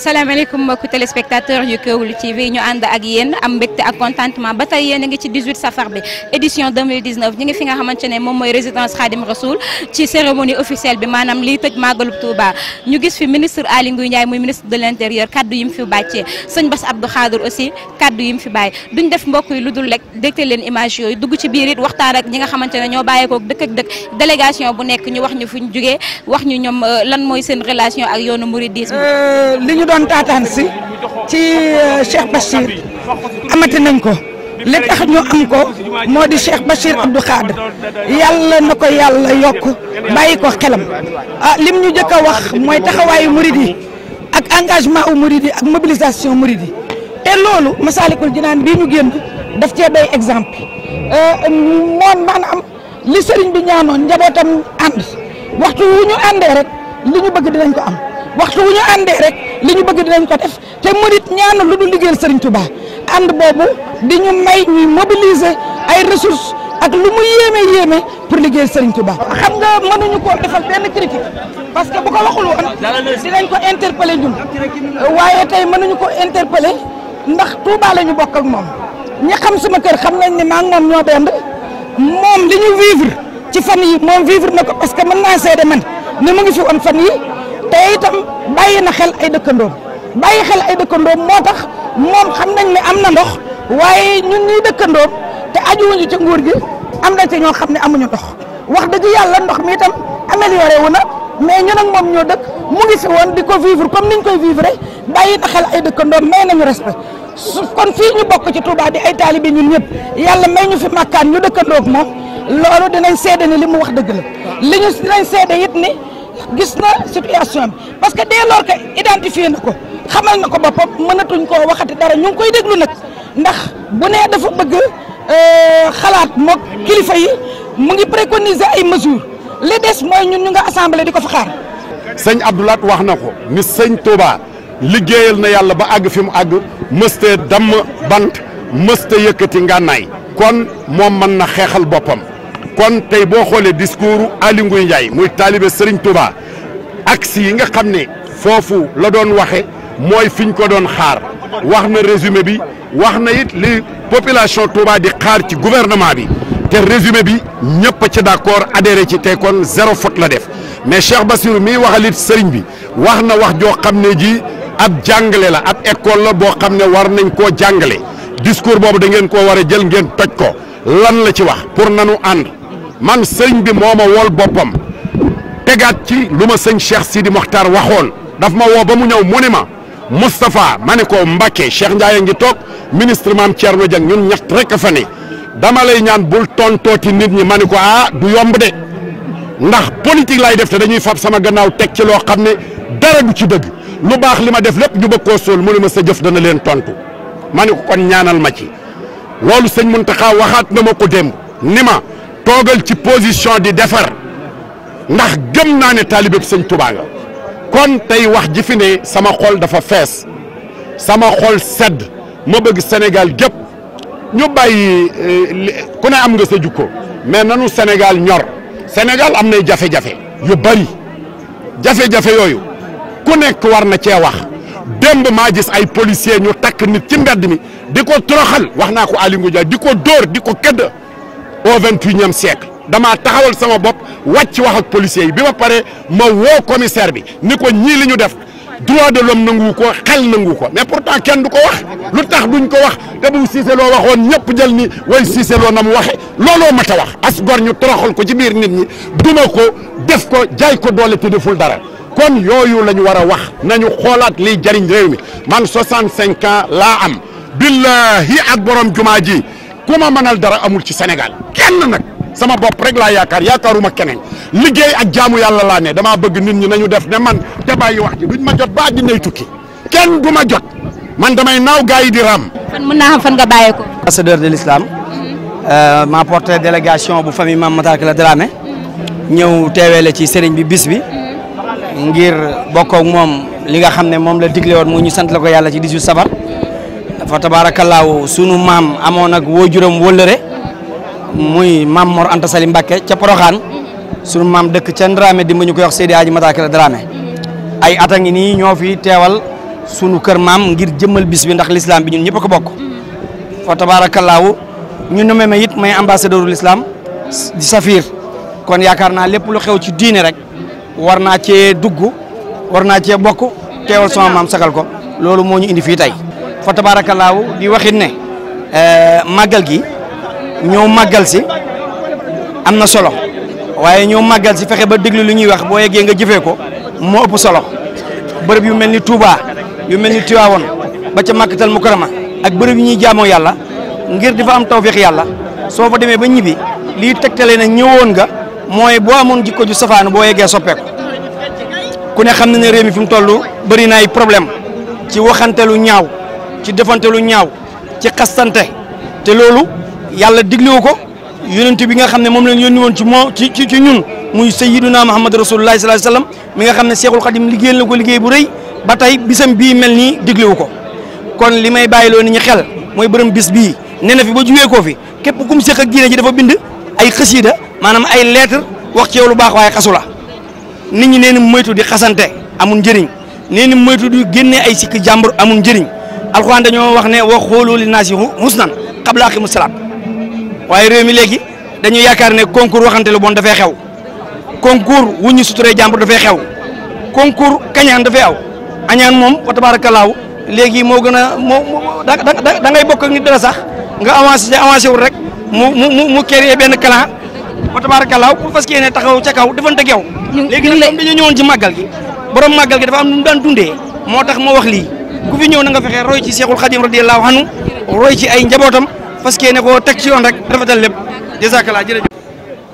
salaamaaleykum mbokki téléspectateur yu Kéwoulo TV ñu and ak yéen am mbégte ak contentement ba tey yéen a ci 18 safar bi édition 2019 ñu ngi fi nga xamantene mom moy résidence Khadim Rasoul ci cérémonie officielle bi manam li tej màggalub Touba ñu gis fi ministre Ali Ngouille Ndiaye muy ministre de l'intérieur kaddu yim fi bàccee sëñ Bass Abdou Khadir aussi kaddu yim fi bàyyi duñ def mbok yi luddul lek rek len image yooyu dugg ci biir it waxtaan ak ñi nga xamante ne ñoo bàyyeekoo dëkk ak dëkk délégation bu nekk ñu wax ñu fu ñu jugee wax ñu ñom euh, lan moy seen relation ak yoonu mouridisme euh, Don tatan si ci eh, Cheikh Bashir, amati nañ ko li tax ñu am ko modi di Cheikh Bashir Abdou Khadr yalla nako yalla yok bayiko xelam ah lim ñu jëk wax moy taxaway murid yi ak engagement au murid yi ak mobilisation murid yi te loolu Masaalikul Jinaan bii ñu genn daf ci doy exemple eh, man am li serigne bi ñaanon njabotam and waxtu wu ñu rek li ñu bëgg dinañ ko am waxtu wu ñu rek li ñu bëgg dinañ ko def te murit ñaanu lu dul liggéeyal Serigne Touba ànd boobu di ñu may ñuy mobiliser ay ressources ak lu mu yéeme yéeme pour liggéeyal Serigne Touba. xam nga mënuñu koo defal benn critique parce que bu ko waxul woon dinañ ko interpeller ñun waaye tey mënuñu ko interpeller ndax Touba la ñu bokk ak moom ñi xam sama kër xam nañ ne maa ngi ñoo benn moom li ñu vivre ci fan yi moom vivre na ko parce que mën naa seede man ni mu ngi fi na xel ay dëkkandoom bàyyi xel ay dëkkandoom moo tax moom xam nañ ne am na ndox waaye ñun ñuy dëkkandoom te ajuwuñu ca nguur gi am na ci ñoo xam ne amuñu ndox wax dëgg yàlla ndox mi itam amélioré wu na mais ñun ak moom ñoo dëkk mu ngi fi woon di ko vivre comme niñ koy vivre bàyyi na xel ay dëkkandoom may nañu respect su kon fii ñu bokk ci Touba di ay taalibe ñun ñëpp yàlla may ñu fi màkkaan ñu dëkkandoog moom loolu dinañ seede ni li mu wax dëgg li ñu dinañ seede gis na situation parce que dès lors que identifié na ko xamal na ko boppam mënatuñ koo waxati dara ñu ngi koy déglu nag ndax bu nee dafa bëgg euh, xalaat moog kilifa yi mu ngi préconiser ay mesures li des mooy ñun ñu nga assemblée di ko fa xaar. sëñ Abdoulaat wax na ko ni sëñ Touba liggéeyal na yàlla ba àgg fi mu àgg mëste damm bant mëste yëkkati ngànnaay kon moom mën na xeexal boppam. kon tey boo xoolee discours Aly Ngouille Ndiaye muy taalibe Serigne Touba axe yi nga xam ne foofu la doon waxe mooy fi ko doon xaar wax na résumé bi wax na yit li population Touba di xaar ci gouvernement bi te résumé bi ñëpp ci d'accord adhéré ci tey kon zéro faute la def mais Cheikh Bassirou miy waxalit sëriñ bi wax na wax joo xam ne ji ab jàngale la ab école la boo xam ne war nañ koo jàngale discours boobu da ngeen koo war a jël ngeen toj ko lan la ci wax pour nanu ànd man serigne bi moma wol bopam tegat ci luma serigne Cheikh Sidi Mokhtar waxoon daf ma wo bamu ñew monima mu maniko ma Mbacke Cheikh ndaye ngi tok ministre mam Thierno Dieng ñun ñatt rek fa ne dama lay ñaan bul tontooti nit ñi maniko a ah, du yomb de ndax politique lay def te dañuy fab sama gannaaw tek ci lo xamne dara du ci deug lu bax lima ma def lepp ñu bëgg koo sóol mu ne sa jëf dana leen tontu maniko kon ñaanal ma ci lolou serigne muntaha waxat na ko toogal ci position di defar ndax gëm naa ne taalibe sëñ Tuubaa nga kon tey wax ji ne sama xol dafa fees sama xol sedd ma bëgg Sénégal gépp ñu bàyyi eh, ku ne am nga sa jukko mais nanu Sénégal ñor Sénégal am nay jafe-jafe yu bari jafe-jafe yooyu ku nekk war na cee wax démb maa gis ay policier ñu takk nit ci mbedd mi di ko toroxal wax naa ko Aly Ngouille di ko dóor di ko këdd au vingt unième siècle damaa taxawal sama bopp wàcc wax ak policier yi bi ma pare ma woo commissaire bi ni ko ñii li ñu def droit de l'homme nangu ko xel nangu ko mais pourtant kenn du ko wax lu tax duñ ko wax te bu Cissé loo waxoon ñëpp jël ni way Cissé Lo na mu waxe looloo mat a wax as gor ñu toroxal ko ci biir nit ñi duma ko def ko jaay ko doole te deful dara kon yooyu la ñu war a wax nañu xoolaat li jariñ réew mi man 65 ans laa am billahi ak borom jumaa ji kuma manal dara amul ci Senegal. kenn nak sama bop rek la yakar yakaruma kenen liggey ak jaamu yalla la ne dama bëgg nit ñi nañu def ne man te bayyi wax ji duñ ma jot ba ney tukki kenn jot man damay naw gaay di ram. fan mëna fan nga bàyyee ko. ambassadeur de l'islam mhm. euh, ma porté délégation bu famille mam Matar Sylla Dramé mhm. ñëw teewee la ci sëriñ bi bis bi mhm. ngir bokk ak mom li nga xamné mom la diglé won mu ñu sant la ko ci 18 sabar fa tabaarakallaahu sunu maam amoon ak waajuram wóllëre muy maam Mor Anta Sali Mbacke ca Poroxaan sunu maam dëkk ca Ndramé di ma ñu koy wax Seydi Aji Madakira ay at a ngi nii ñoo fi teewal sunu kër maam ngir jëmmal bis bi ndax l'islam bi ñun ñëpp ko bokk fa tabaarakallaahu ñu nommé ma it may ambassadeur de l'islam di Safir kon yaakaar naa lépp lu xew ci diine rek war naa cee dugg war naa cee bokk teewal sama maam sagal ko loolu moo ñu indi fii tey. fa tabarakallahu di waxit ne eh, magal gi ñoo magal am solo waaye ñoo magal si fexe ba déglu lu ñuy wax boo yeggee nga jëfee ko moo ëpp solo bërëb yu mel Touba yu ba ca ak bërëb yi ñuy ngir di fa am tawfiix yàlla soo fa demee ba ñibbi lii tegtale na ñëwoon nga mooy boo amoon jikko ju safaanu boo yeggee soppeeku ku ne xam ne réew mi fi mu na ay problème ci waxantelu ñaaw ci defante lu ñaaw ci xastante te lolu yalla diglé wuko yoonent bi nga xam ne lañ yoni won ci ci ci ñun muy sayyiduna muhammad rasulullah sallallahu Alaihi wasallam mi nga xam cheikhul khadim liggéeyal na ko liggéey bu reuy ba bisam bi mel diglé wuko kon limay bayilo ni ñi xel moy bërem bis bi nee fi bo juwé ko fi képp kum cheikh ak diine ji dafa bind ay xasiida manam ay lettre wax ci yow lu bax way xasu nit ñi nee moytu di xassante amun njëriñ nee moytu di génnee ay sik jàmbur amun alquran dañu wax ne wa nazi lin nasi husnan qabla aqim salat waye rew mi legi dañu yakar ne concours waxante lu bon fay xew concours wuñu suture suturee da fay xew concours da fay aw anyan mom wa tabarakallah legi mo gëna mo da ngay bokk dara sax nga avancer avancer wul rek mu mu mu créer ben clan wa tabarakallah pour fas yéene taxaw ci kaw defante ak yow. léegi nag dañoo ci magal gi borom magal gi dafa am nu daan wax li ku fi ñëw na nga fexe roy ci Cheikhul Khadim radiyallahu anhu roy ci ay njabootam parce que ne ko teg ci yoon rek rafetal lépp jazakallah jërëjëf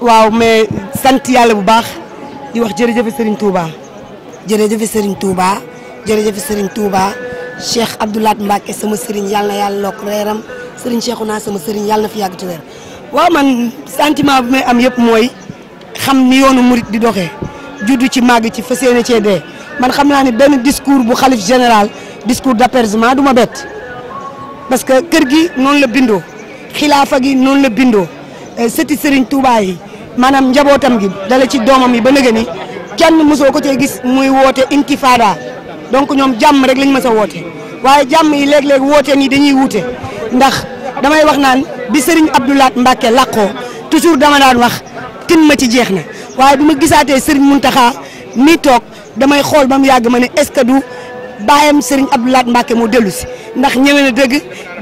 waaw mais sant yàlla bu baax di wax jërëjëf Serigne Touba jërëjëf Serigne Touba jërëjëf Serigne Touba Cheikh Abdoulaat Mbacke sama Serigne yàlla yàlla lokk reeram Serigne naa sama Serigne yàlla fi yàgg ci weer waaw man sentiment bu may am yëpp mooy xam ni yoonu murit di doxee juddu ci màgg ci fas yéene cee man xam naa ne benn discours bu xalif général. discours d'apaisement duma bett parce que kër gi non la bindoo xilaafa gi noonu la bindoo eh, sëti Serigne Touba yi maanaam njabootam gi dala ci doomam yi ba nëgë kenn gis muy intifada donc ñoom jam rek lañ mës a woote waaye jàmm yi léeg damai woote nii dañuy wuute ndax damay wax naan bi Serigne Abdoulaat Mbacke làqoo toujours dama daan wax tin ma ci jeex bu Serigne muntaha, mi toog damay xool ba mu est-ce que bayam sering Abdoulaye Mbacke mo delu ci ndax ñëwee na dëgg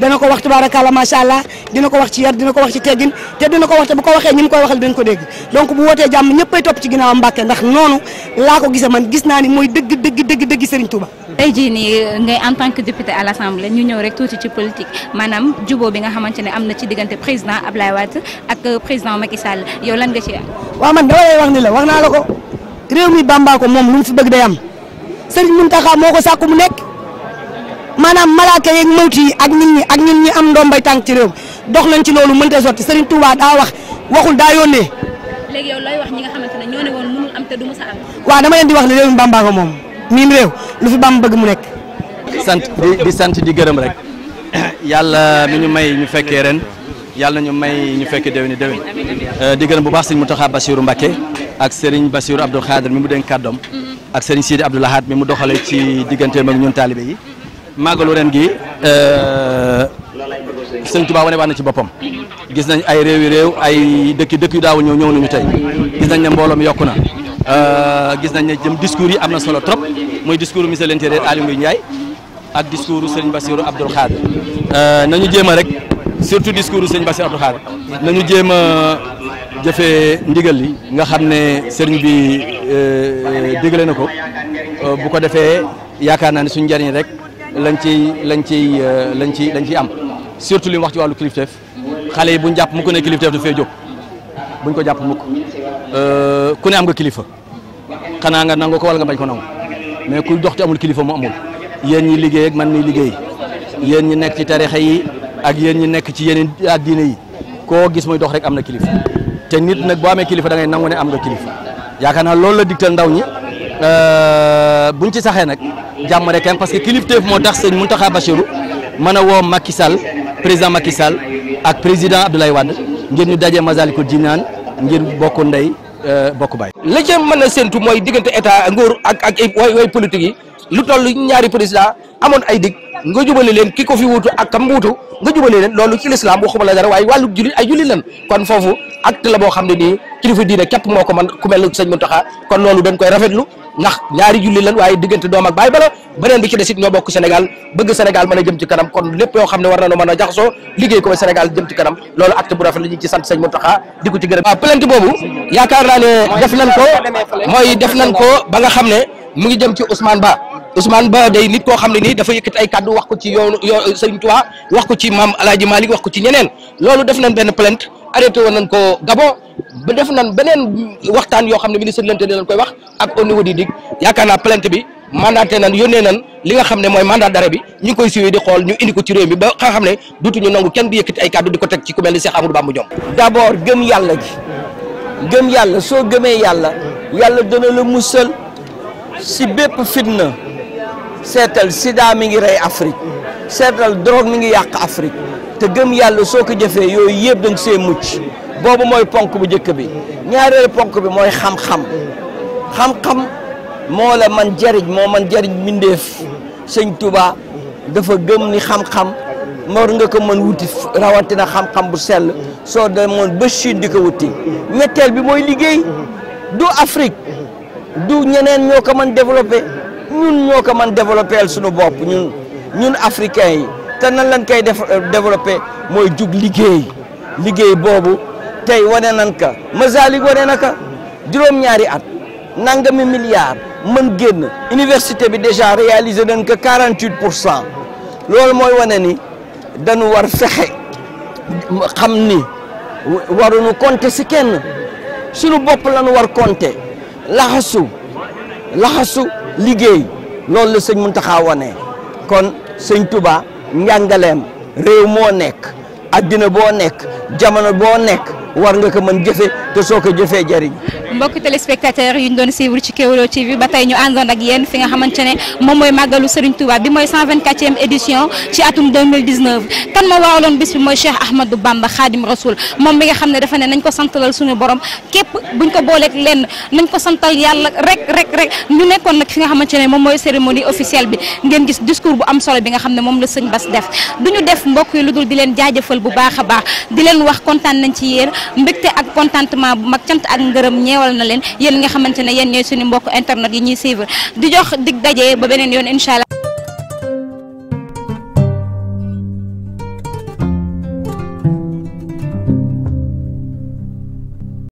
dana ko wax tubaarakaala macha allah dina ko wax ci yar dina ko wax ci teggin te dina ko wax te bu ko waxe ñim mu koy waxal dañ ko dégg donc bu wootee jamm ñëppay top ci ginaaw Mbacke ndax nonu la ko gisse man gis na ni moy dëgg dëgg dëgg dëgg Serigne Touba. tay ji ni ngay en tant que député à l'assemblée ñu ñëw rek touti ci politique manam djubo bi nga xamantene amna ci digënté président Ablaye Wade ak euh, président Macky Sall yow lan nga ci wa man lay wax ni la wax na la ko réew mi Bamba ko mom luñ fi bëgg day am Serigne Mountakha moo ko sàkku mu nekk maanaam malaaka yeeg mawti yi ak nit ñi ak ñun ñi am ndombay tànk ci réew dox nañ ci loolu mënta sotti Serigne Touba daa wax waxul daa yónnee. léegi ne ñoo ne woon dama leen di wax ne réew mi Bamba moom miin réew lu fi Bamba bëgg mu nekk. sant di sant di gërëm rek yàlla mi ñu may ñu fekkee ren yàlla na ñu may ñu fekkee déwéni déwén euh, di gërëm bu baax sëñ Mountakha Bassirou Mbacké ak sëriñ Bassirou Abdou Khadre mi mu dénk kàddoom ak Serigne Sidi Abdou Lahad mi mu doxale ci digganteem ak ñun taalibe yi màggalu ren gi euh, sëñ Tuubaa wane waan na ci boppam gis nañ ay réewi réew ay dëkki dëkk yu daawul ñëw ñëw nañu tey gis nañ ne mbooloo mi yokku na euh, gis nañ ne jëm discours yi am na solo trop muy discours ministre de l'intérieur Aly Ngouille ak discours Serigne Bassirou Abdoul Khadr euh, nañu jéem a rek surtout discours Serigne Bassirou Abdoul Khadr nañu jéem a jëfee ndigal li nga xam ne sëriñ bi euh, digle na ko euh, bu ko defee yaakaar naa ne suñu njëriñ rek lañ ci lañ ciy euh, lañ ciy lañ ciy am surtout li wax ci wàllu kilifteef xale yi buñ jàpp mukk ne kilifteef du fee jóg buñ ko jàpp mukk ku ne am nga kilifa xanaa nga nangu ko wala nga bañ ko nangu mais ku dox ci amul kilifa mu amul yéen ñi liggéey ak man mi liggéey yéen ñi nekk ci tarixa yi ak yéen ñi nekk ci yeneen ak diine yi koo gis muy dox rek am na kilifa te nit nak bo amé kilifa da ngay nangu ne am nga kilifa yaakaar naa loolu la diktal ndaw ñi euh, buñ ci saxé nak jamm rek am parce que kilifteef mo tax señ muntaha bashirou mëna a Macky Sall président Macky Sall ak président Abdoulaye Wade ngir ñu dajé Massalikul Jinaan ngir bokk ndey euh, bokku bay la ci mëna a moy digënté état ngor ak ak way way politique yi lu tollu ñaari président amone ay dig nga jubale leen ki ko fi wuutu ak kam wuutu nga jubale leen loolu ci lislaam waaye wàllu jullit lan kon foofu acte la boo xam ne nii kilifa diine képp moo ko man ku mel kon loolu dañ koy rafetlu ndax ñaari jullit lan waaye diggante doom ak baay bala beneen bi ci des it ñoo bokk Sénégal bëgg Sénégal mën a jëm ci kanam kon lépp yoo xam ne war na noo mën a jaxasoo liggéey ko ba Sénégal jëm ci kanam loolu acte bu rafet la ñu ci sant sëñ Muntaxa di ba nga xam ne mu ngi jëm ci Ousmane Ba Ousmane Ba day nit ko xamni ni dafa yëkkati ay cadeau wax ko ci yoonu Serigne Touba wax ko ci Mam Aladji Malik wax ko ci ñeneen loolu def nañ ben plainte arrêté won nañ ko Gabon ba def nañ benen waxtaan yo xamni ministre de dañ koy wax ak au niveau du dig yaakaar naa plainte bi mandaté nañ yónnee nañ li nga xam moy mandat d'arrêt bi ñu koy suivi di xol ñu indi ko ci réew mi ba nga xam dutu ñu nangu kenn di yëkkati ay cadeau diko tek ci ku melni Cheikh Amadou Bamba Diom d'abord gëm Yalla ji gëm Yalla so gëmé Yalla Yalla dana la mussel si bép fitna seetal sida mi ngi rey Afrique seetal drogue mi ngi yàq Afrique te gëm yàlla soo ko jëfee yooyu yëpp da nga see mucc boobu mooy ponk bu njëkk bi ñaaree ponk bi mooy xam-xam xam-xam moo la man jariñ moo man jariñ mbindeef sëñ Touba dafa gëm ni xam-xam mor nga ko mën wuti rawatina xam-xam bu sell soo demoon ba Chine di ko wuti ñetteel bi mooy liggéey du Afrique du ñeneen ñoo ko mën développé ñun ñoko man mën développer suñu bop ñun ñun africain yi té nan lañ koy def euh, développer moy jug liggéey liggéey bobu tay woné nan ka masalig wane na ka juroom ñaari at nangami milliard mën génn université bi déjà réaliser nañ ko 48 lool moy woné ni dañu war fexé xamni waru ñu compter ci kenn suñu bop lañu war compter laxasu laxasu liggéey loolu la sëñ Muntaxa kon sëñ Tuba njàngaleem réew moo nekk addina boo nekk jamono boo nekk war nga ko mën jëfe te soo ko jëfee jariñ mbokk téléspectateurs yi ñu doon suivre ci Kéwoulo TV ba tey ñu àndoon ak yéen fi nga xamante ne moom mooy màggalu Serigne Touba bi mooy 124e édition ci atum 2019 kan ma waraloon bis bi mooy Cheikh Ahmadou Bamba Khadim Rasoul moom mi nga xam ne dafa ne nañ ko santalal suñu borom képp ko booleeg lenn nañ ko santal yàlla rek rek rek ñu nekkoon nag fi nga xamante ne moom mooy cérémonie officielle bi ngeen gis discours bu am solo bi nga xam ne moom la sëñ Bass def ñu def mbokk yi lu dul di leen jaajëfal bu baaxa a baax di leen wax kontaan nañ ci yéen mbégte ak contentement bu mag cant ak ngërëm ñeewal na leen yéen nga xamante ne yéen ñooy mbokk internet yi ñuy suivre di jox dig daje ba beneen yoon incha